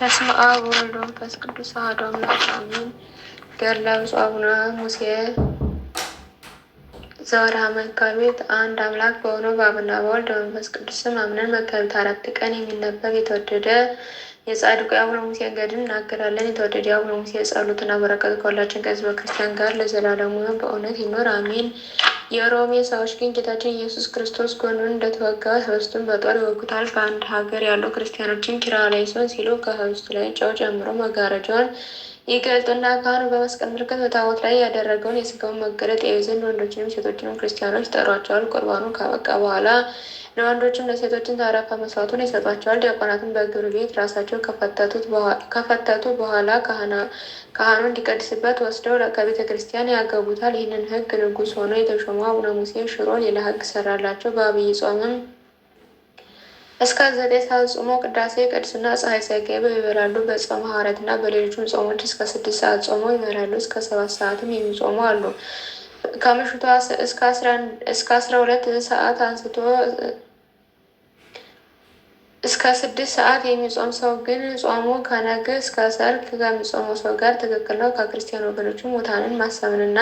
በስመ አብ ወወልድ ወመንፈስ ቅዱስ አሐዱ አምላክ አሜን። ገድለ ብፁዕ አቡነ ሙሴ ዘወርሃ መጋቢት። አንድ አምላክ በሆነው በአብና በወልድ በመንፈስ ቅዱስም አምነን መጋቢት አራት ቀን የሚነበብ የተወደደ የጻድቁ የአቡነ ሙሴ ገድል እናገራለን። የተወደደ የአቡነ ሙሴ ጸሎትና በረከት ከሁላችን ከሕዝበ ክርስቲያን ጋር ለዘላለሙ በእውነት ይኖር አሜን። የሮሜ ሰዎች ግን ጌታችን ኢየሱስ ክርስቶስ ጎኑን እንደተወጋ ህብስቱን በጦር ይወጉታል። በአንድ ሀገር ያሉ ክርስቲያኖችን ኪራ ላይ ሲሆን ሲሉ ከህብስቱ ላይ ጨው ጨምሮ መጋረጃውን ይገልጡና ካህኑ በመስቀል ምልክት በታቦት ላይ ያደረገውን የስጋውን መገለጥ ያዩ ዘንድ ወንዶችንም ሴቶችንም ክርስቲያኖች ይጠሯቸዋል። ቁርባኑ ካበቃ በኋላ ለወንዶችም ለሴቶችን ታረፈ መስዋዕቱን ይሰጧቸዋል። ዲያቆናትን በግብር ቤት ራሳቸው ከፈተቱ በኋላ ካህኑ እንዲቀድስበት ወስደው ከቤተ ክርስቲያን ያገቡታል። ይህንን ሕግ ንጉሥ ሆኖ የተሾመው አቡነ ሙሴ ሽሮ ሌላ ሰራላቸው። በአብይ ጾምም እስከ ዘጠኝ ሰዓት ጾሞ ቅዳሴ፣ ቅድስና፣ ፀሐይ ሳይገባ ይበላሉ። በጾመ ሐዋርያትና በሌሎችም ጾሞች እስከ ስድስት ሰዓት ጾሞ ይበላሉ። እስከ ሰባት ሰዓትም የሚጾሙ አሉ። ከምሽቱ እስከ አስራ ሁለት ሰዓት አንስቶ እስከ ስድስት ሰዓት የሚጾም ሰው ግን ጾሙ ከነግ እስከ ሰርክ ከሚጾመው ሰው ጋር ትክክል ነው። ከክርስቲያን ወገኖቹ ሙታንን ማሰብንና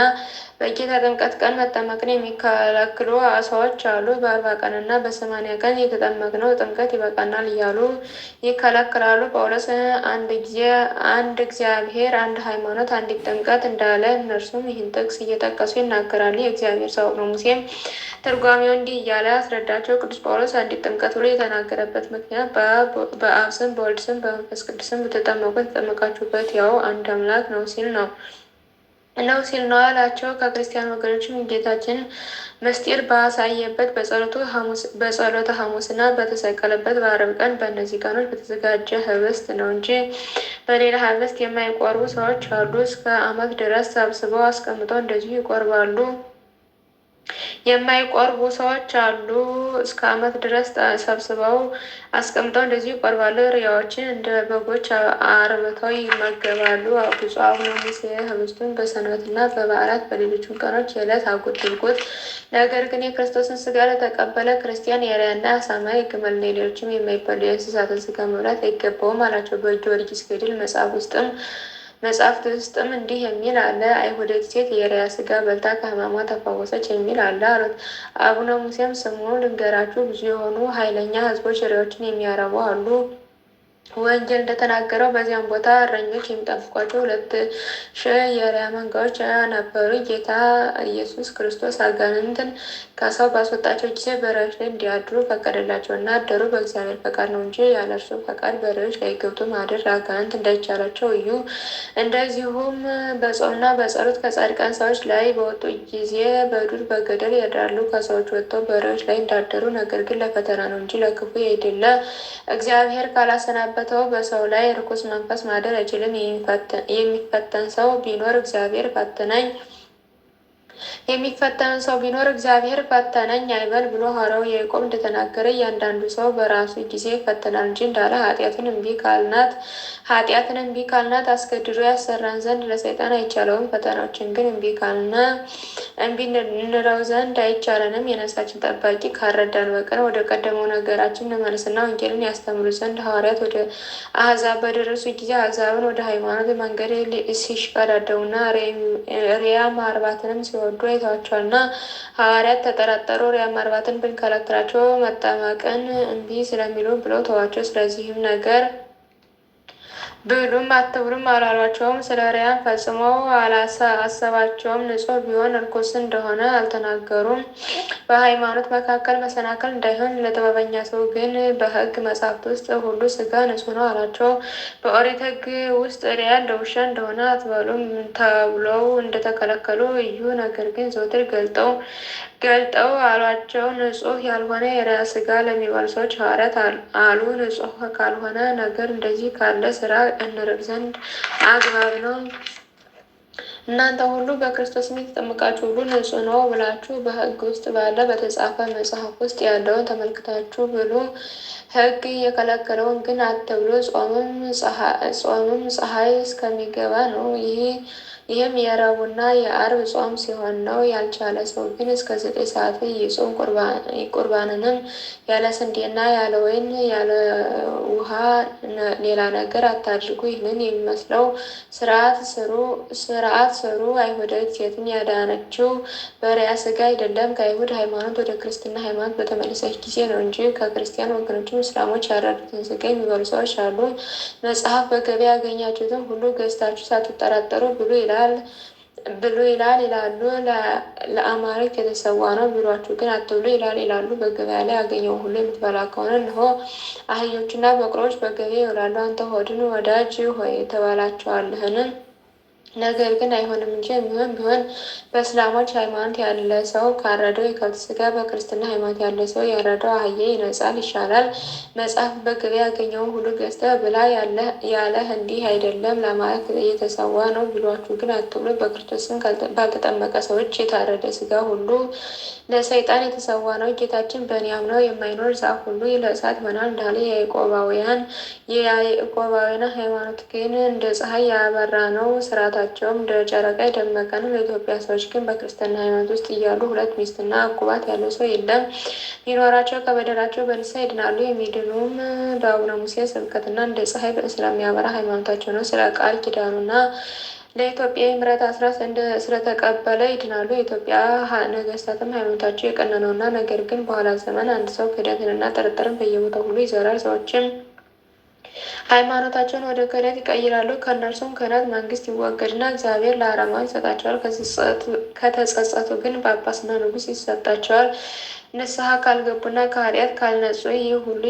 በጌታ ጥምቀት ቀን መጠመቅን የሚከለክሉ አሳዎች አሉ። በአርባ ቀን እና በሰማንያ ቀን የተጠመቅነው ጥምቀት ይበቃናል እያሉ ይከለክላሉ። ጳውሎስ አንድ ጊዜ አንድ እግዚአብሔር፣ አንድ ሃይማኖት፣ አንዲት ጥምቀት እንዳለ እነርሱም ይህን ጥቅስ እየጠቀሱ ይናገራሉ። የእግዚአብሔር ሰው ነው። ሙሴም ትርጓሜው እንዲህ እያለ አስረዳቸው። ቅዱስ ጳውሎስ አንዲት ጥምቀት ብሎ የተናገረበት ምክንያት በአብ ስም፣ በወልድ ስም፣ በመንፈስ ቅዱስ ስም ብትጠመቁ የተጠመቃችሁበት ያው አንድ አምላክ ነው ሲል ነው። እነሆ ሲል ነው አላቸው። ከክርስቲያን ወገኖችም ጌታችን ምስጢር ባሳየበት በጸሎተ ሐሙስ እና በተሰቀለበት በአርብ ቀን በእነዚህ ቀኖች በተዘጋጀ ህብስት ነው እንጂ በሌላ ህብስት የማይቆርቡ ሰዎች አሉ። እስከ ዓመት ድረስ ሰብስበው አስቀምጠው እንደዚሁ ይቆርባሉ። የማይቆርቡ ሰዎች አሉ። እስከ አመት ድረስ ሰብስበው አስቀምጠው እንደዚሁ ይቆርባሉ። ሪያዎችን እንደ በጎች አርብተው ይመገባሉ። አብፁ አቡነ ሙሴ ህብስቱን በሰንበትና በበዓላት በሌሎችም ቀኖች የዕለት አጉት ድርጉት። ነገር ግን የክርስቶስን ስጋ ለተቀበለ ክርስቲያን የሪያና አሳማ፣ ግመልና ሌሎችም የማይበሉ የእንስሳትን ስጋ መብላት አይገባውም አላቸው። በእጅ ወርጅ ስገድል መጽሐፍ ውስጥም መጽሐፍት ውስጥም እንዲህ የሚል አለ፣ አይሁዳዊት ሴት የራያ ስጋ በልታ ከሕማሟ ተፈወሰች የሚል አለ አሉት። አቡነ ሙሴም ስሙ ልንገራችሁ፣ ብዙ የሆኑ ኃይለኛ ህዝቦች ሽሬዎችን የሚያረቡ አሉ ወንጌል እንደተናገረው በዚያም ቦታ እረኞች የሚጠብቋቸው ሁለት ሺ የአህያ መንጋዎች ነበሩ። ጌታ ኢየሱስ ክርስቶስ አጋንንትን ከሰው ባስወጣቸው ጊዜ በሬዎች ላይ እንዲያድሩ ፈቀደላቸው እና አደሩ። በእግዚአብሔር ፈቃድ ነው እንጂ ያለ እርሱ ፈቃድ በሬዎች ላይ ገብቶ ማደር አጋንንት እንዳይቻላቸው እዩ። እንደዚሁም በጾምና በጸሎት ከጻድቃን ሰዎች ላይ በወጡ ጊዜ በዱር በገደል ያድራሉ። ከሰዎች ወጥተው በሬዎች ላይ እንዳደሩ፣ ነገር ግን ለፈተና ነው እንጂ ለክፉ የሄደለ እግዚአብሔር ካላሰናበ የተሰናበተው በሰው ላይ ርኩስ መንፈስ ማደር አይችልም። የሚፈተን ሰው ቢኖር እግዚአብሔር ፈተነኝ የሚፈተን ሰው ቢኖር እግዚአብሔር ፈተነኝ አይበል ብሎ ሐዋርያው ያዕቆብ እንደተናገረ እያንዳንዱ ሰው በራሱ ጊዜ ይፈተናል እንጂ እንዳለ ኃጢአቱን እምቢ ካልናት ኃጢአትን እምቢ ካልናት አስገድዶ ያሰራን ዘንድ ለሰይጣን አይቻለውም። ፈተናዎችን ግን እምቢ ካልና እምቢ እንለው ዘንድ አይቻለንም። የነፍሳችን ጠባቂ ካረዳን በቀር ወደ ቀደመው ነገራችን እንመልስና ወንጌልን ያስተምሩ ዘንድ ሐዋርያት ወደ አህዛብ በደረሱ ጊዜ አህዛብን ወደ ሃይማኖት መንገድ ሲሽቀዳደውና ሪያ ማርባትንም ሲወዱ አይተዋቸዋልና ሐዋርያት ተጠራጠሩ። ሪያ ማርባትን ብንከለክላቸው መጠመቅን እምቢ ስለሚሉ ብለው ተዋቸው። ስለዚህም ነገር ብሉም አትብሉም አላሏቸውም። ስለ ርያን ፈጽመው አላሳሰባቸውም። ንጹሕ ቢሆን እርኩስ እንደሆነ አልተናገሩም። በሃይማኖት መካከል መሰናከል እንዳይሆን ለጥበበኛ ሰው ግን በሕግ መጽሐፍት ውስጥ ሁሉ ስጋ ንጹሕ ነው አላቸው። በኦሪት ሕግ ውስጥ ርያን ለውሻ እንደሆነ አትበሉም ተብለው እንደተከለከሉ እዩ። ነገር ግን ዘውትር ገልጠው ገልጠው አሏቸው። ንጹሕ ያልሆነ የርያ ስጋ ለሚባሉ ሰዎች ሐዋርያት አሉ። ንጹሕ ካልሆነ ነገር እንደዚህ ካለ ስራ እንርቅ ዘንድ አግባብ ነው። እናንተ ሁሉ በክርስቶስ የተጠመቃችሁ ሁሉ ንጹህ ነው ብላችሁ በሕግ ውስጥ ባለ በተጻፈ መጽሐፍ ውስጥ ያለውን ተመልክታችሁ ብሉ። ሕግ የከለከለውን ግን አትብሉ። ጾምም ፀሐይ እስከሚገባ ነው። ይህ ይህም የረቡዕና የአርብ ጾም ሲሆን ነው። ያልቻለ ሰው ግን እስከ ዘጠኝ ሰዓት ይጾም ቁርባንንም ያለ ስንዴና ያለ ወይን ያለ ውሃ ሌላ ነገር አታድርጉ። ይህንን የሚመስለው ስርዓት ስሩ ስርዓት ስሩ። አይሁዳዊት ሴትን ያዳነችው በሪያ ስጋ አይደለም፣ ከአይሁድ ሃይማኖት ወደ ክርስትና ሃይማኖት በተመለሰች ጊዜ ነው እንጂ ከክርስቲያን ወገኖችም እስላሞች ያረዱትን ስጋ የሚበሉ ሰዎች አሉ። መጽሐፍ በገበያ ያገኛችሁትን ሁሉ ገዝታችሁ ሳትጠራጠሩ ብሉ ይላል። ይላል ብሎ ይላል ይላሉ። ለአማልክት የተሰዋ ነው ቢሏችሁ ግን አትብሎ ይላል ይላሉ። በገበያ ላይ ያገኘው ሁሉ የምትበላ ከሆነ እንሆ አህዮችና በቅሎዎች በገበያ ይውላሉ። አንተ ሆድን ወዳጅ ሆይ ተባላችኋልህን? ነገር ግን አይሆንም እንጂ የሚሆን ቢሆን በእስላሞች ሃይማኖት ያለ ሰው ካረደው የከብት ስጋ በክርስትና ሃይማኖት ያለ ሰው ያረደው አህዬ ይነጻል ይሻላል። መጽሐፍ በገበያ ያገኘውን ሁሉ ገዝተህ ብላ ያለህ እንዲህ አይደለም ለማለት የተሰዋ ነው ብሏችሁ ግን አትብሎ በክርስቶስን ባልተጠመቀ ሰዎች የታረደ ስጋ ሁሉ ለሰይጣን የተሰዋ ነው። ጌታችን በእኔ ነው የማይኖር ዛፍ ሁሉ ለእሳት ይሆናል እንዳለ የያዕቆባውያን የያዕቆባውያን ሃይማኖት ግን እንደ ፀሐይ ያበራ ነው ስርዓታ ልጃቸውም ደረጃ የደመቀ ነው። ለኢትዮጵያ ሰዎች ግን በክርስትና ሃይማኖት ውስጥ እያሉ ሁለት ሚስትና አኩባት ያለው ሰው የለም። ቢኖራቸው ከበደላቸው በንስሐ ይድናሉ። የሚድኑም በአቡነ ሙሴ ስብከትና እንደ ፀሐይ ስለሚያበራ ሃይማኖታቸው ነው። ስለ ቃል ኪዳኑና ለኢትዮጵያ የምሕረት አስራት ስለተቀበለ ይድናሉ። የኢትዮጵያ ነገስታትም ሃይማኖታቸው የቀነነውና ነገር ግን በኋላ ዘመን አንድ ሰው ክህደትንና ጥርጥርን በየቦታው ሁሉ ይዘራል። ሰዎችም ሃይማኖታቸውን ወደ ክህደት ይቀይራሉ። ከእነርሱም ክህነት መንግስት ይወገድና እግዚአብሔር ለአረማ ይሰጣቸዋል። ከተጸጸቱ ግን ጳጳስና ንጉሥ ይሰጣቸዋል። ንስሐ ካልገቡና ከኃጢአት ካልነጹ ይህ ሁሉ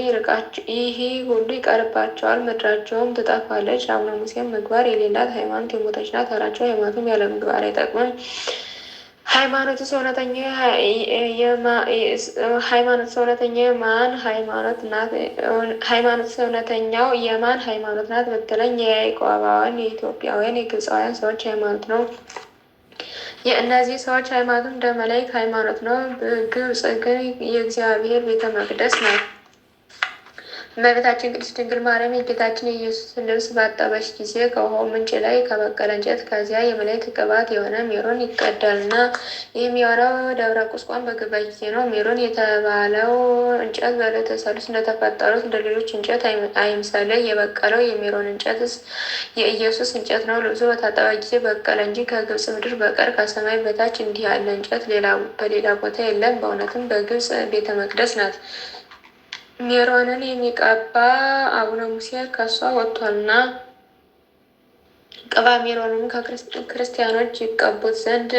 ይህ ሁሉ ይቀርባቸዋል፣ ምድራቸውም ትጠፋለች። አቡነ ሙሴም ምግባር የሌላት ሃይማኖት የሞተች ናት አላቸው። ሃይማኖቱም ያለ ምግባር አይጠቅምም። ሃይማኖት ሰውነተኛ ሃይማኖት ሰውነተኛ የማን ሃይማኖት ናት? ሃይማኖት ሰውነተኛው የማን ሃይማኖት ናት ብትለኝ የያዕቆባውያን፣ የኢትዮጵያውያን፣ የግብፃውያን ሰዎች ሃይማኖት ነው። የእነዚህ ሰዎች ሃይማኖት እንደ ሃይማኖት ነው። ግብፅ ግን የእግዚአብሔር ቤተ መቅደስ ናት። እመቤታችን ቅድስት ድንግል ማርያም የጌታችን የኢየሱስን ልብስ ባጠበች ጊዜ ከውሃው ምንጭ ላይ ከበቀለ እንጨት ከዚያ የመላእክት ቅባት የሆነ ሜሮን ይቀዳልና ይህም የሆነው ደብረ ቁስቋም በገባ ጊዜ ነው። ሜሮን የተባለው እንጨት በዕለተ ሰሉስ እንደተፈጠሩት እንደ ሌሎች እንጨት አይምሰለ። የበቀለው የሜሮን እንጨትስ የኢየሱስ እንጨት ነው። ልብሱ በታጠበ ጊዜ በቀለ እንጂ ከግብፅ ምድር በቀር ከሰማይ በታች እንዲህ ያለ እንጨት በሌላ ቦታ የለም። በእውነትም በግብፅ ቤተ መቅደስ ናት። ሜሮንን የሚቀባ አቡነ ሙሴ ከእሷ ወጥቷልና ቅባ ሜሮንም ከክርስቲያኖች ይቀቡት ዘንድ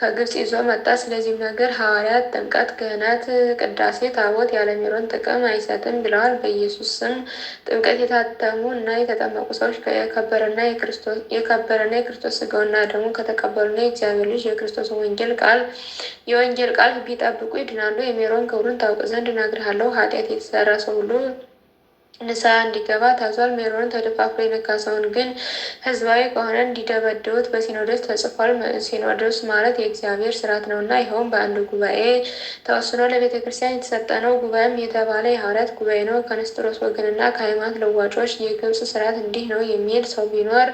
ከግብፅ ይዞ መጣ። ስለዚህም ነገር ሐዋርያት ጥምቀት፣ ክህነት፣ ቅዳሴ፣ ታቦት ያለ ጥቅም አይሰጥም ብለዋል። በኢየሱስ ስም ጥምቀት የታተሙ እና የተጠመቁ ሰዎች የከበረና የክርስቶስ ስጋውና ደግሞ ከተቀበሉና የእግዚአብሔር ልጅ የክርስቶስ ወንጌል ቃል የወንጌል ቃል ቢጠብቁ ይድናሉ። የሚሮን ክብሩን ታውቅ ዘንድ እናግርሃለሁ። ኃጢአት የተሰራ ሰው ሁሉ ንሳ እንዲገባ ታዟል። ሜሮን ተደፋፍሮ የነካሰውን ግን ህዝባዊ ከሆነ እንዲደበድቡት በሲኖዶስ ተጽፏል። ሲኖዶስ ማለት የእግዚአብሔር ስርዓት ነው እና ይኸውም በአንድ ጉባኤ ተወስኖ ለቤተ ክርስቲያን የተሰጠ ነው። ጉባኤም የተባለ የሐዋርያት ጉባኤ ነው። ከንስጥሮስ ወገንና ከሃይማኖት ለዋጮች የግብፅ ስርዓት እንዲህ ነው የሚል ሰው ቢኖር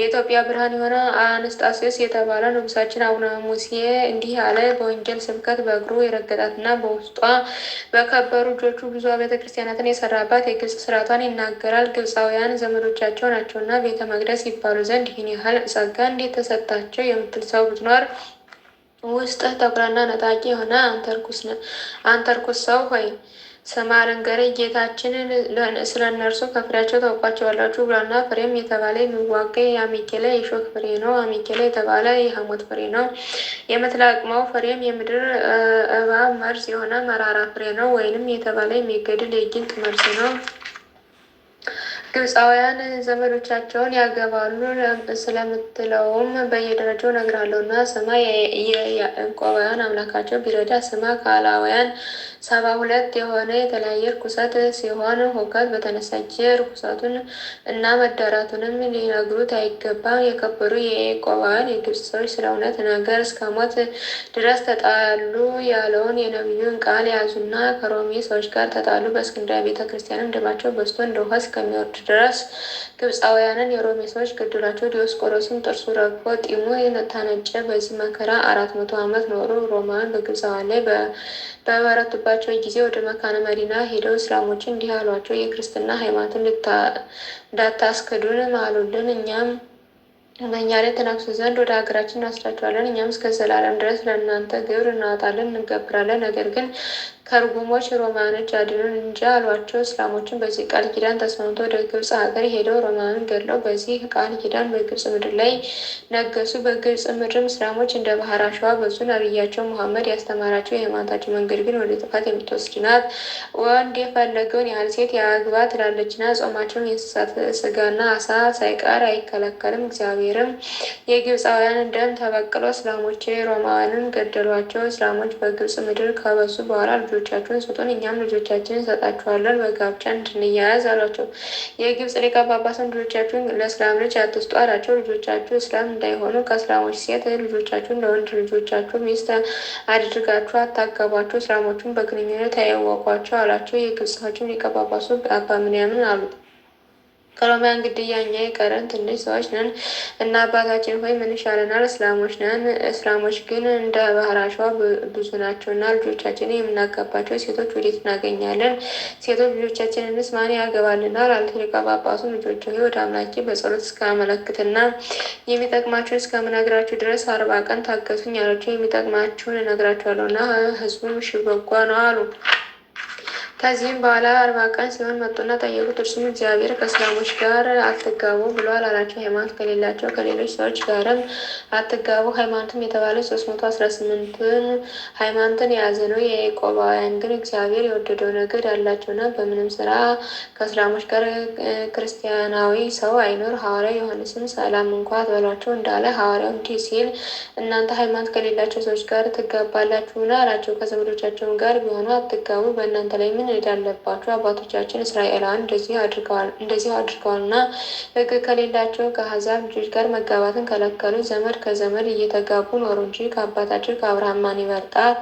የኢትዮጵያ ብርሃን የሆነ አነስጣሴዎስ የተባለ ንጉሳችን አቡነ ሙሴ እንዲህ አለ። በወንጀል ስብከት በእግሩ የረገጣትና በውስጧ በከበሩ እጆቹ ብዙ ቤተክርስቲያናትን የሰራባት የግብፅ ስርዓቷን ይናገራል። ግብፃውያን ዘመዶቻቸው ናቸውና ቤተ መቅደስ ይባሉ ዘንድ ይህን ያህል ጸጋ እንዴት ተሰጣቸው የምትል ሰው ብትኖር ውስጥ ተኩላና ነጣቂ የሆነ አንተርኩስ አንተርኩስ ሰው ሆይ ስማ ልንገርህ፣ ጌታችን ስለ እነርሱ ከፍሬያቸው ታውቋቸዋላችሁ ብሏና ፍሬም የተባለ የሚዋጋ የአሚኬላ የሾክ ፍሬ ነው። አሚኬላ የተባለ የሐሞት ፍሬ ነው። የምትላቅመው ፍሬም የምድር እባብ መርዝ የሆነ መራራ ፍሬ ነው። ወይንም የተባለ የሚገድል የጊንጥ መርዝ ነው። ግብፃውያን ዘመዶቻቸውን ያገባሉ ስለምትለውም በየደረጃው ነግራለሁ እና ስማ የያዕቆባውያን አምላካቸው ቢረዳ ስማ ካላውያን ሰባ ሁለት የሆነ የተለያየ ርኩሰት ሲሆን ሁከት በተነሳጀ ርኩሰቱን እና መዳራቱንም ሊነግሩት አይገባም። የከበሩ የቆባውያን የግብፅ ሰዎች ስለ እውነት ነገር እስከ ሞት ድረስ ተጣሉ ያለውን የነቢዩን ቃል ያዙና ከሮሜ ሰዎች ጋር ተጣሉ። በእስክንድርያ ቤተክርስቲያንም ክርስቲያንም ደማቸው በዝቶ እንደ ውሃ እስከሚወርድ ድረስ ግብፃውያንን የሮሜ ሰዎች ገደሏቸው። ዲዮስቆሮስም ጥርሱ ረግፎ ጢሙ ታነጨ። በዚህ መከራ አራት መቶ ዓመት ኖሩ። ሮማን በግብፃውያን ላይ በበረቱባቸው ጊዜ ወደ መካነ መዲና ሄደው እስላሞችን እንዲህ አሏቸው፣ የክርስትና ሃይማኖትን እንዳታስክዱን አሉልን። እኛም በእኛ ላይ ተናክሱ ዘንድ ወደ ሀገራችን እናስዳቸዋለን። እኛም እስከ ዘላለም ድረስ ለእናንተ ግብር እናወጣለን፣ እንገብራለን። ነገር ግን ከርጉሞች ሮማኖች አድኑን እንጂ አሏቸው። እስላሞችን በዚህ ቃል ኪዳን ተስማምቶ ወደ ግብፅ ሀገር ሄደው ሮማንን ገድለው በዚህ ቃል ኪዳን በግብፅ ምድር ላይ ነገሱ። በግብፅ ምድርም እስላሞች እንደ ባህር አሸዋ በዙ። ነቢያቸው ሙሐመድ ያስተማራቸው የሃይማኖታቸው መንገድ ግን ወደ ጥፋት የምትወስድ ናት። ወንድ የፈለገውን ያህል ሴት የአግባ ትላለችና ጾማቸውን የእንስሳት ስጋና አሳ ሳይቀር አይከለከልም። እግዚአብሔርም የግብፃውያን ደም ተበቅሎ እስላሞች ሮማውያንን ገደሏቸው። እስላሞች በግብፅ ምድር ከበዙ በኋላ ልጆቻችሁን ስጡን እኛም ልጆቻችንን ሰጣችኋለን በጋብቻ እንድንያያዝ አሏቸው። የግብፅ ሊቀ ጳጳስም ልጆቻችሁን ለእስላም ልጅ አትስጡ አላቸው። ልጆቻችሁ እስላም እንዳይሆኑ ከእስላሞች ሴት ልጆቻችሁን ለወንድ ልጆቻችሁ ሚስት አድርጋችሁ አታገቧቸው፣ እስላሞቹን በግንኙነት አያዋቋቸው አላቸው። የግብፅ የግብጾቹም ሊቀ ጳጳሱ አባ ምንያምን አሉት። ከሮሚያን ግድያ እኛ የቀረን ትንሽ ሰዎች ነን እና አባታችን ሆይ ምን ይሻለናል? እስላሞች ነን። እስላሞች ግን እንደ ባህር አሸዋ ብዙ ናቸው እና ልጆቻችን የምናጋባቸው ሴቶች ወዴት እናገኛለን? ሴቶች ልጆቻችንንስ ማን ያገባልናል? አሉት ሊቀ ጳጳሱ። ልጆች ሆይ ወደ አምላኬ በጸሎት እስካመለክትና የሚጠቅማችሁን እስከምነግራችሁ ድረስ አርባ ቀን ታገሱኝ አላቸው። የሚጠቅማችሁን እነግራችኋለሁ እና ህዝቡም እሺ በጎ ነው አሉ። ከዚህም በኋላ አርባ ቀን ሲሆን መጡና ጠየቁት። እርሱም እግዚአብሔር ከእስላሞች ጋር አትጋቡ ብሏል አላቸው። ሃይማኖት ከሌላቸው ከሌሎች ሰዎች ጋርም አትጋቡ። ሃይማኖትም የተባለ ሶስት መቶ አስራ ስምንትን ሃይማኖትን የያዘ ነው። የቆባውያን ግን እግዚአብሔር የወደደው ነገድ አላቸውና በምንም ስራ ከእስላሞች ጋር ክርስቲያናዊ ሰው አይኖር። ሐዋርያ ዮሐንስም ሰላም እንኳ አትበሏቸው እንዳለ ሐዋርያው እንዲህ ሲል እናንተ ሃይማኖት ከሌላቸው ሰዎች ጋር ትጋባላችሁና አላቸው። ከዘመዶቻቸውም ጋር ቢሆኑ አትጋቡ በእናንተ ላይ ምን ሄዳለባቸው አባቶቻችን እስራኤላውያን እንደዚህ አድርገዋል እንደዚህ አድርገዋልና ሕግ ከሌላቸው ከአሕዛብ ልጆች ጋር መጋባትን ከለከሉ። ዘመድ ከዘመድ እየተጋቡ ኖሩ እንጂ ከአባታችን ከአብርሃም ማን ይበልጣል?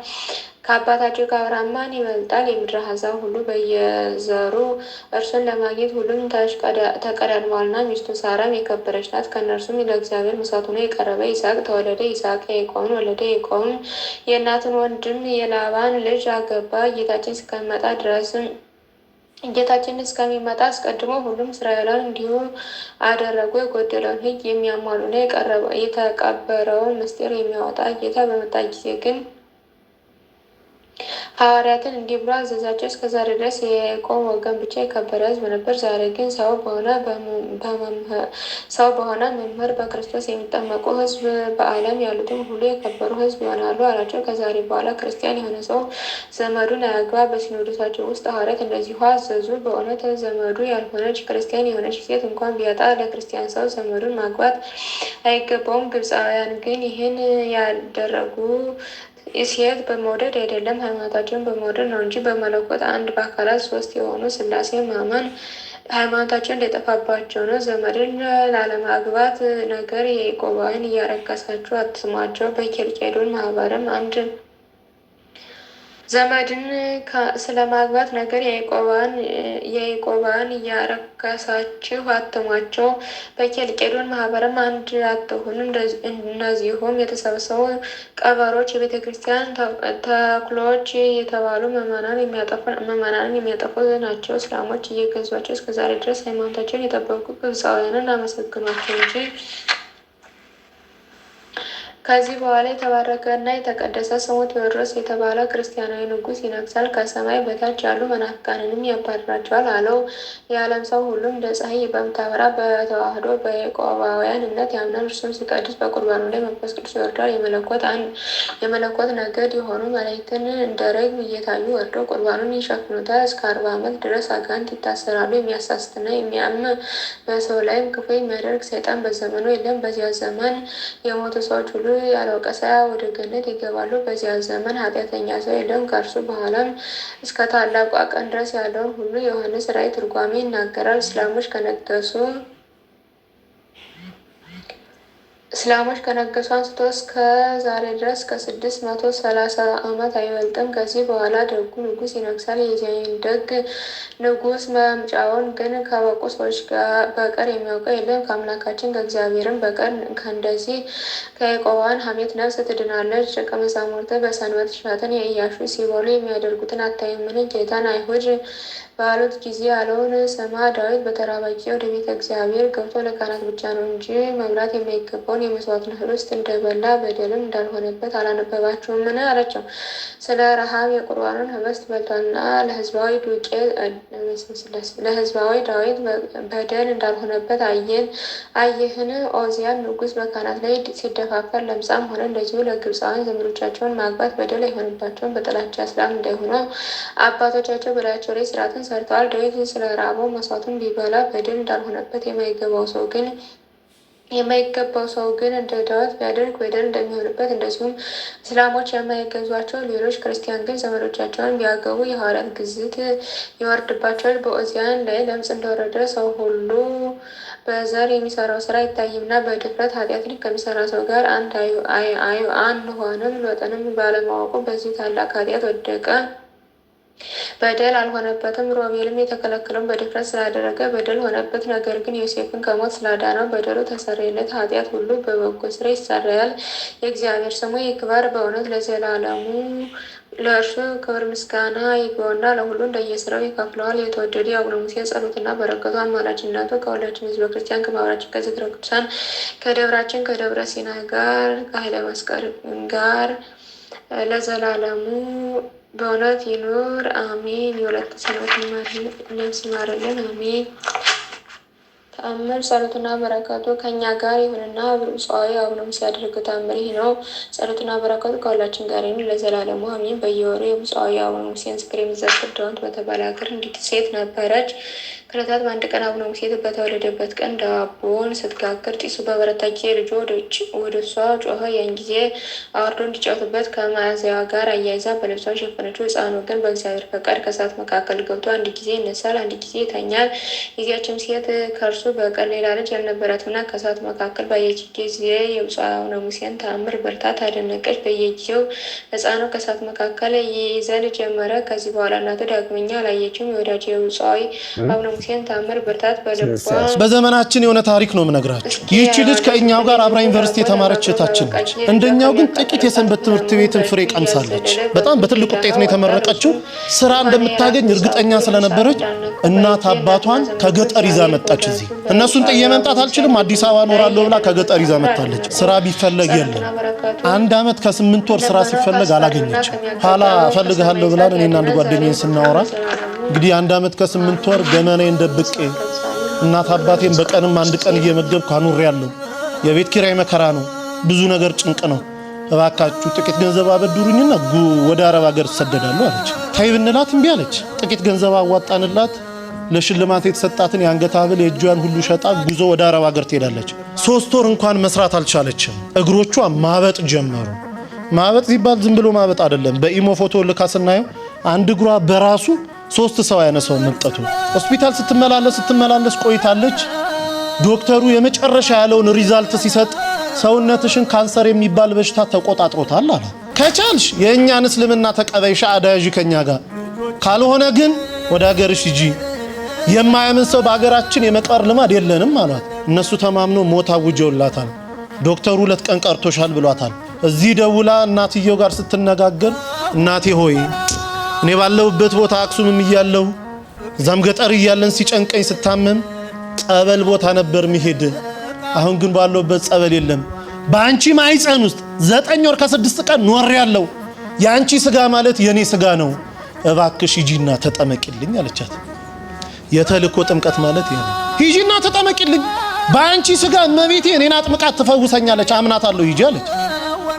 ከአባታቸው ከአብርሃም ማን ይበልጣል? የምድር አሕዛብ ሁሉ በየዘሩ እርሱን ለማግኘት ሁሉም ተቀዳድመዋልና። ሚስቱ ሳራም የከበረች ናት። ከእነርሱም ለእግዚአብሔር መሥዋዕት ሆኖ የቀረበ ይስሐቅ ተወለደ። ይስሐቅ ያዕቆብን ወለደ። ያዕቆብም የእናቱን ወንድም የላባን ልጅ አገባ። ጌታችን እስከሚመጣ ድረስ ጌታችን እስከሚመጣ አስቀድሞ ሁሉም እስራኤላውያን እንዲሁ አደረጉ። የጎደለውን ሕግ የሚያሟሉና የተቀበረውን ምስጢር የሚያወጣ ጌታ በመጣ ጊዜ ግን ሐዋርያትን እንዲህ ብሎ አዘዛቸው። እስከ ዛሬ ድረስ የቆም ወገን ብቻ የከበረ ሕዝብ ነበር። ዛሬ ግን ሰው በሆነ መምህር በክርስቶስ የሚጠመቁ ሕዝብ በዓለም ያሉትን ሁሉ የከበሩ ሕዝብ ይሆናሉ አላቸው። ከዛሬ በኋላ ክርስቲያን የሆነ ሰው ዘመዱን አያግባ። በሲኖዶሳቸው ውስጥ ሐዋርያት እንደዚሁ አዘዙ። በእውነት ዘመዱ ያልሆነች ክርስቲያን የሆነች ሴት እንኳን ቢያጣ ለክርስቲያን ሰው ዘመዱን ማግባት አይገባውም። ግብፃውያን ግን ይህን ያደረጉ ሴት በመውደድ አይደለም ሃይማኖታቸውን በመውደድ ነው እንጂ በመለኮት አንድ በአካላት ሶስት የሆኑ ስላሴ ማመን ሃይማኖታቸው እንደጠፋባቸው ነው። ዘመድን ላለማግባት ነገር የያዕቆባውያን እያረከሳችሁ አትስሟቸው። በኬልቄዶን ማህበርም አንድ ዘመድን ስለማግባት ነገር ያዕቆባውያን እያረከሳችሁ አትሟቸው፣ በኬልቄዶን ማህበርም አንድ አትሆኑ። እነዚሁም የተሰበሰቡ ቀበሮች፣ የቤተ ክርስቲያን ተኩሎች የተባሉ ምዕመናንን የሚያጠፉ ናቸው። እስላሞች እየገዟቸው እስከዛሬ ድረስ ሃይማኖታቸውን የጠበቁ ግብፃውያንን አመሰግኗቸው እንጂ ከዚህ በኋላ የተባረከ እና የተቀደሰ ስሙ ቴዎድሮስ የተባለ ክርስቲያናዊ ንጉስ ይነግሳል፣ ከሰማይ በታች ያሉ መናፍቃንንም ያባርራቸዋል አለው። የዓለም ሰው ሁሉ እንደ ፀሐይ በምታበራ በተዋህዶ በቆባውያን እምነት ያምናል። እርሱም ሲቀድስ በቁርባኑ ላይ መንፈስ ቅዱስ ይወርዳል። የመለኮት ነገድ የሆኑ መላእክትን እንደ ርግብ እየታዩ ወርደው ቁርባኑን ይሸፍኑታል። እስከ አርባ ዓመት ድረስ አጋንንት ይታሰራሉ። የሚያሳስትና የሚያም በሰው ላይም ክፉ የሚያደርግ ሰይጣን በዘመኑ የለም። በዚያ ዘመን የሞቱ ሰዎች ሁሉ ያለወቀ ሳያውቅ ወደ ገነት ይገባሉ። በዚያ ዘመን ኃጢአተኛ ሰው የለም። ከእርሱ በኋላም እስከ ታላቁ ቀን ድረስ ያለውን ሁሉ ዮሐንስ ራእይ ትርጓሜ ይናገራል። እስላሞች ከነገሱ እስላሞች ከነገሱ አንስቶ እስከ ዛሬ ድረስ ከስድስት መቶ ሰላሳ ዓመት አይበልጥም። ከዚህ በኋላ ደጉ ንጉስ ይነግሳል። የዚያን ደግ ንጉስ መምጫውን ግን ከበቁ ሰዎች በቀር የሚያውቀው የለም። ከአምላካችን ከእግዚአብሔርም በቀር ከእንደዚህ ከቆዋን ሐሜት ነፍስ ትድናለች። ደቀ መዛሙርት በሰንበት እሸትን የእያሹ ሲበሉ የሚያደርጉትን አታይምን? ጌታን አይሁድ ባሉት ጊዜ አልሆን ሰማ ዳዊት በተራባቂ ጊዜ ወደ ቤተ እግዚአብሔር ገብቶ ለካህናት ብቻ ነው እንጂ መብላት የማይገባውን የመስዋዕት እህል ውስጥ እንደበላ በደልም እንዳልሆነበት አላነበባችሁምን? አላቸው ስለ ረሃብ የቁርባኑን ህብስት በልቷልና ለህዝባዊ ዱቄት ለህዝባዊ ዳዊት በደል እንዳልሆነበት አየን አየህን። ኦዚያን ንጉስ በካህናት ላይ ሲደፋፈር ለምጻም ሆነ እንደዚሁ ለግብፃውያን ዘመዶቻቸውን ማግባት በደል አይሆንባቸውን በጥላቻ ስላም እንዳይሆኑ አባቶቻቸው በላያቸው ላይ ስርዓትን ሰርተዋል። ዳዊት ስለ ራበው መስዋዕቱን ቢበላ በደል እንዳልሆነበት የማይገባው ሰው ግን የማይገባው ሰው ግን እንደ ዳዊት ቢያደርግ በደል እንደሚሆንበት እንደዚሁም እስላሞች የማይገዟቸው ሌሎች ክርስቲያን ግን ዘመዶቻቸውን ቢያገቡ የሐዋርያት ግዝት ይወርድባቸዋል። በኦዚያን ላይ ለምጽ እንደወረደ ሰው ሁሉ በዘር የሚሰራው ስራ አይታይምና በድፍረት ልክ ከሚሰራ ሰው ጋር አንድ አንሆንም። መጠንም ባለማወቁ በዚህ ታላቅ ኃጢአት ወደቀ። በደል አልሆነበትም። ሮቤልም የተከለከለውን በድፍረት ስላደረገ በደል ሆነበት። ነገር ግን ዮሴፍን ከሞት ስላዳነው በደሉ ተሰረየለት። ኃጢአት ሁሉ በበጎ ስራ ይሰረያል። የእግዚአብሔር ስሙ ይክበር በእውነት ለዘላለሙ። ለእርሱ ክብር ምስጋና ይግባውና ለሁሉ እንደየስራው ይከፍለዋል። የተወደዱ የአቡነ ሙሴ ጸሎትና በረከቱ አማላጅነቱ ከሁላችን ህዝበ ክርስቲያን ከማህበራችን ከዝክረ ቅዱሳን ከደብራችን ከደብረ ሲና ጋር ከኃይለ መስቀል ጋር ለዘላለሙ በእውነት ይኑር አሜን። የሁለት ሰንበት ነፍስ ይማርልን አሜን። ተአምር ጸሎትና በረከቱ ከእኛ ጋር ይሁንና ብፁዓዊ አቡነ ሲያደርግ ተአምር ይህ ነው። ጸሎትና በረከቱ ከሁላችን ጋር ይሁን ለዘላለሙ አሜን። በየወሩ የብፁዓዊ አቡነ ሙሴ ምስክር የሚዘክር ዳዊት በተባለ ሀገር እንዲት ሴት ነበረች። ከዕለታት በአንድ ቀን አቡነ ሙሴ በተወለደበት ቀን ዳቦን ስትጋግር ጢሱ በበረታ ጊዜ ልጇ ወደ እሷ ጮኸ። ያን ጊዜ አወርዶ እንዲጫወትበት ከማያዘዋ ጋር አያይዛ በልብሷ ሸፈነችው። ሕፃኑ ግን በእግዚአብሔር ፈቃድ ከእሳት መካከል ገብቶ አንድ ጊዜ ይነሳል፣ አንድ ጊዜ ይተኛል። ጊዜያችም ሴት ከእርሱ በቀር ሌላ ልጅ ያልነበራትና ከእሳት መካከል ባየች ጊዜ የብፁዕ አቡነ ሙሴን ተአምር ብርታት አደነቀች። በየጊዜው ሕፃኑ ከእሳት መካከል ይዘል ጀመረ። ከዚህ በኋላ እናቱ ዳግመኛ አላየችም። የወዳጅ የብፁዕ አቡነ በዘመናችን የሆነ ታሪክ ነው የምነግራችሁ። ይህቺ ልጅ ከእኛው ጋር አብራ ዩኒቨርሲቲ የተማረች እህታችን ነች። እንደኛው ግን ጥቂት የሰንበት ትምህርት ቤትን ፍሬ ቀምሳለች። በጣም በትልቅ ውጤት ነው የተመረቀችው። ስራ እንደምታገኝ እርግጠኛ ስለነበረች እናት አባቷን ከገጠር ይዛ መጣች። እዚህ እነሱን ጥዬ መምጣት አልችልም፣ አዲስ አበባ እኖራለሁ ብላ ከገጠር ይዛ መጣለች። ስራ ቢፈለግ የለም። አንድ ዓመት ከስምንት ወር ስራ ሲፈለግ አላገኘችም። ኋላ እፈልግሃለሁ ብላን እኔና አንድ ጓደኛዬን ስናወራ እንግዲህ አንድ ዓመት ከስምንት ወር ገመናዬን ደብቄ እናት አባቴን በቀንም አንድ ቀን እየመገብኩ አኑሬያለሁ። የቤት ኪራይ መከራ ነው፣ ብዙ ነገር ጭንቅ ነው። እባካችሁ ጥቂት ገንዘብ አበድሩኝና ወደ አረብ ሀገር ትሰደዳሉ አለች። ታይ ብንላት እምቢ አለች። ጥቂት ገንዘብ አዋጣንላት። ለሽልማት የተሰጣትን የአንገት ሀብል የእጇን ሁሉ ሸጣ ጉዞ ወደ አረብ ሀገር ትሄዳለች። ሶስት ወር እንኳን መስራት አልቻለችም። እግሮቿ ማበጥ ጀመሩ። ማበጥ ሲባል ዝም ብሎ ማበጥ አይደለም። በኢሞ ፎቶ ልካ ስናየው አንድ እግሯ በራሱ ሶስት ሰው ያነሰው መምጠቱ ሆስፒታል ስትመላለስ ስትመላለስ ቆይታለች። ዶክተሩ የመጨረሻ ያለውን ሪዛልት ሲሰጥ ሰውነትሽን ካንሰር የሚባል በሽታ ተቆጣጥሮታል አለ። ከቻልሽ የእኛን እስልምና ተቀበይሽ ሻአዳያዥ ከኛ ጋር ካልሆነ ግን ወደ ሀገርሽ ሂጂ። የማያምን ሰው በሀገራችን የመቀር ልማድ የለንም አሏት። እነሱ ተማምኖ ሞት አውጀውላታል። ዶክተሩ ሁለት ቀን ቀርቶሻል ብሏታል። እዚህ ደውላ እናትየው ጋር ስትነጋገር እናቴ ሆይ እኔ ባለሁበት ቦታ አክሱምም እያለሁ እዛም ገጠር እያለን ሲጨንቀኝ ስታመም ጸበል ቦታ ነበር ሚሄድ። አሁን ግን ባለሁበት ጸበል የለም። በአንቺ ማይፀን ውስጥ ዘጠኝ ወር ከስድስት ቀን ኖር ያለው የአንቺ ስጋ ማለት የኔ ስጋ ነው፣ እባክሽ ሂጂና ተጠመቂልኝ አለቻት። የተልእኮ ጥምቀት ማለት ይሄ ነው። ሂጂና ተጠመቂልኝ፣ በአንቺ ስጋ እመቤቴ እኔን አጥምቃት ትፈውሰኛለች፣ አምናታለሁ፣ ሂጂ አለች።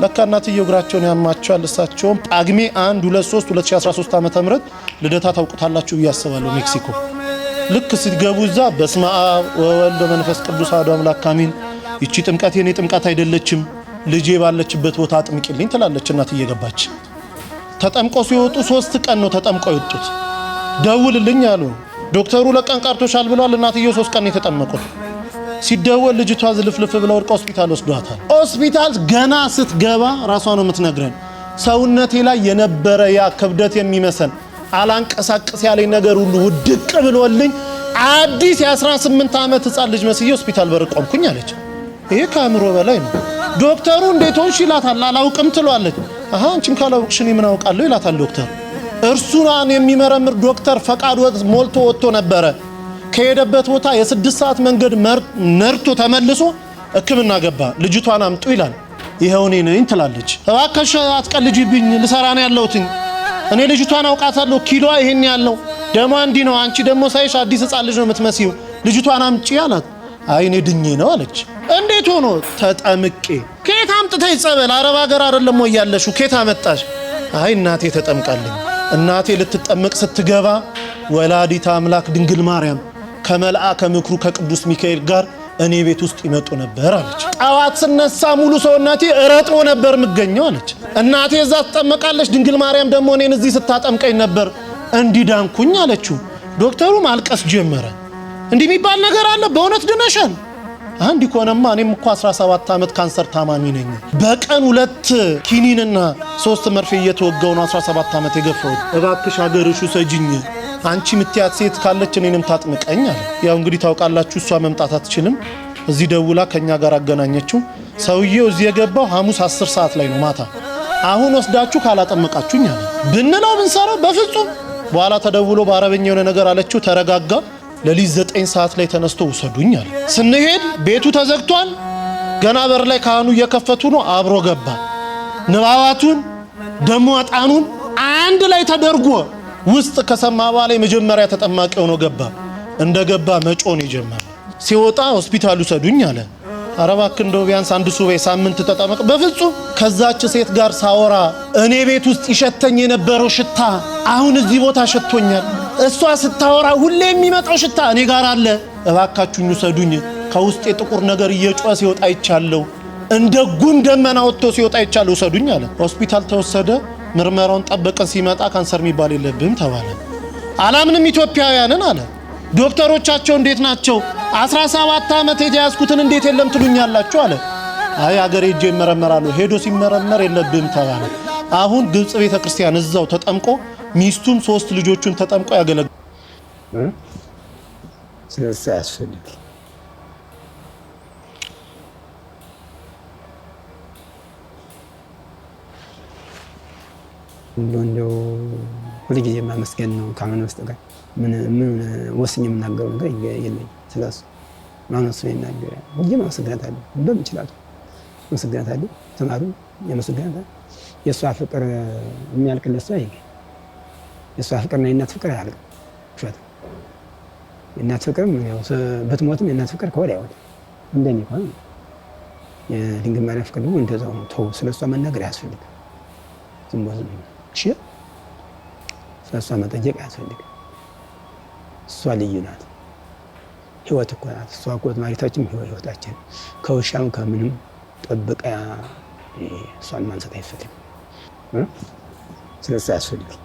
ለካ እናትዬው እግራቸውን ያማቸዋል። እሳቸውም ጳጉሜ 1 3 2013 ዓመተ ምህረት ልደታ ታውቁታላችሁ ብዬ አስባለሁ። ሜክሲኮ ልክ ሲትገቡ እዛ በስመ አብ ወወልድ ወመንፈስ ቅዱስ አሐዱ አምላክ አሜን። ይቺ ጥምቀት የኔ ጥምቀት አይደለችም፣ ልጄ ባለችበት ቦታ አጥምቂልኝ ትላለች እናት እየገባች። ተጠምቆ ሲወጡ ሶስት ቀን ነው ተጠምቆ የወጡት። ደውልልኝ አሉ ዶክተሩ። ለቀን ቀርቶሻል ብለዋል። እናትየው ሶስት ቀን የተጠመቁት ሲደወል ልጅቷ ዝልፍልፍ ብለ ወድቀ ሆስፒታል ወስዷታል። ሆስፒታል ገና ስትገባ ራሷ ነው የምትነግረን። ሰውነቴ ላይ የነበረ ያ ክብደት የሚመሰል አላንቀሳቅስ ያለኝ ነገር ሁሉ ውድቅ ብሎልኝ አዲስ የ18 ዓመት ህፃን ልጅ መስዬ ሆስፒታል በር ቆምኩኝ አለች። ይሄ ከአእምሮ በላይ ነው። ዶክተሩ እንዴት ሆንሽ ይላታል። አላውቅም ትሏለች። አሃ አንቺም ካላውቅሽ እኔ ምን አውቃለሁ ይላታል ዶክተር። እርሱን የሚመረምር ዶክተር ፈቃድ ሞልቶ ወጥቶ ነበረ። ከሄደበት ቦታ የስድስት ሰዓት መንገድ ነርቶ ተመልሶ ሕክምና ገባ። ልጅቷን አምጡ ይላል። ይኸው እኔ ነኝ ትላለች። እባክሽ አትቀልጂብኝ፣ ልሰራ ነው እኔ ልጅቷን አውቃታለሁ። ኪሎዋ ይሄን ያለው ደሟ እንዲህ ነው። አንቺ ደግሞ ሳይሽ አዲስ ሕፃን ልጅ ነው የምትመስዪው። ልጅቷን አምጪ አላት። አይ እኔ ድኜ ነው አለች። እንዴት ሆኖ? ተጠምቄ። ከየት አምጥተሽ ጸበል? አረብ ሀገር አይደለም ወይ ያለሽው? ከየት አመጣሽ? አይ እናቴ ተጠምቃለኝ። እናቴ ልትጠመቅ ስትገባ ወላዲታ አምላክ ድንግል ማርያም ከመልአ ከምክሩ ከቅዱስ ሚካኤል ጋር እኔ ቤት ውስጥ ይመጡ ነበር አለች። ጠዋት ስነሳ ሙሉ ሰውነቴ ረጥቦ ነበር የምገኘው አለች። እናቴ እዛ ትጠመቃለች፣ ድንግል ማርያም ደግሞ እኔን እዚህ ስታጠምቀኝ ነበር እንዲዳንኩኝ አለችው። ዶክተሩ ማልቀስ ጀመረ። እንዲህ የሚባል ነገር አለ በእውነት ድነሸን? አንድ ኮነማ እኔም እኮ 17 ዓመት ካንሰር ታማሚ ነኝ። በቀን ሁለት ኪኒንና ሶስት መርፌ እየተወጋው ነው 17 ዓመት የገፋሁት። እባክሽ ሀገርሹ ሰጅኝ አንቺ ምትያት ሴት ካለች እኔንም ታጥምቀኝ አለ። ያው እንግዲህ ታውቃላችሁ፣ እሷ መምጣት አትችልም። እዚህ ደውላ ከኛ ጋር አገናኘችው። ሰውዬው እዚህ የገባው ሐሙስ 10 ሰዓት ላይ ነው ማታ። አሁን ወስዳችሁ ካላጠመቃችሁኝ አለ። ብንለው ብንሰራው በፍጹም በኋላ ተደውሎ በአረበኛ የሆነ ነገር አለችው። ተረጋጋ። ለሊት 9 ሰዓት ላይ ተነስቶ ውሰዱኝ አለ። ስንሄድ ቤቱ ተዘግቷል። ገና በር ላይ ካህኑ እየከፈቱ ነው። አብሮ ገባ። ንባባቱን ደሞ አጣኑን አንድ ላይ ተደርጎ ውስጥ ከሰማ በኋላ የመጀመሪያ ተጠማቂ ሆኖ ገባ። እንደ ገባ መጮን የጀመረ ሲወጣ ሆስፒታሉ ውሰዱኝ አለ። ኧረ እባክህ እንደው ቢያንስ አንድ ሱባኤ ሳምንት ተጠመቅ። በፍጹም ከዛች ሴት ጋር ሳወራ እኔ ቤት ውስጥ ይሸተኝ የነበረው ሽታ አሁን እዚህ ቦታ ሸቶኛል። እሷ ስታወራ ሁሌ የሚመጣው ሽታ እኔ ጋር አለ። እባካችሁኝ ውሰዱኝ። ከውስጥ ጥቁር ነገር እየጮኸ ሲወጣ ይቻለው፣ እንደ ጉም ደመና ወጥቶ ሲወጣ ይቻለው። ውሰዱኝ አለ። ሆስፒታል ተወሰደ። ምርመራውን ጠበቀን ሲመጣ ካንሰር የሚባል የለብም ተባለ። አላምንም ኢትዮጵያውያንን አለ። ዶክተሮቻቸው እንዴት ናቸው? 17 ዓመት የተያዝኩትን እንዴት የለም ትሉኛላችሁ? አለ። አይ አገሬ ሄጄ ይመረመራሉ። ሄዶ ሲመረመር የለብም ተባለ። አሁን ግብጽ ቤተ ክርስቲያን እዛው ተጠምቆ ሚስቱም ሶስት ልጆቹን ተጠምቆ ያገለግል እንደው እንደው ሁልጊዜ ማመስገን ነው። ካልሆነ በስተቀር ምን ወስኝ የምናገረው ነገር የለኝም። ስለሱ ማነሱ ይናገር ሁሌ ማመስገናት አለ በምችላቱ መስገናት ተማሩ የመስገናት የእሷ ፍቅር የሚያልቅለት ሰው አይገኝ። የእሷ ፍቅርና የእናት ፍቅር አያልቅም። ውሸት የእናት ፍቅር ብትሞትም የእናት ፍቅር ከወዲያ አይወጣም። እንደኔ ከሆነ የድንግል ማርያም ፍቅር ደግሞ እንደዛው ነው። ተው ስለሷ መናገር አያስፈልግም። ዝም ብሎ ዝም ስለሆነች ስለሷ መጠየቅ አያስፈልግም። እሷ ልዩ ናት። ህይወት እኮ ናት እሷ እኮ ማግኘታችን ህይወታችን ከውሻም ከምንም ጠብቀ እሷን ማንሳት አይፈልግም። ስለሷ አያስፈልግም።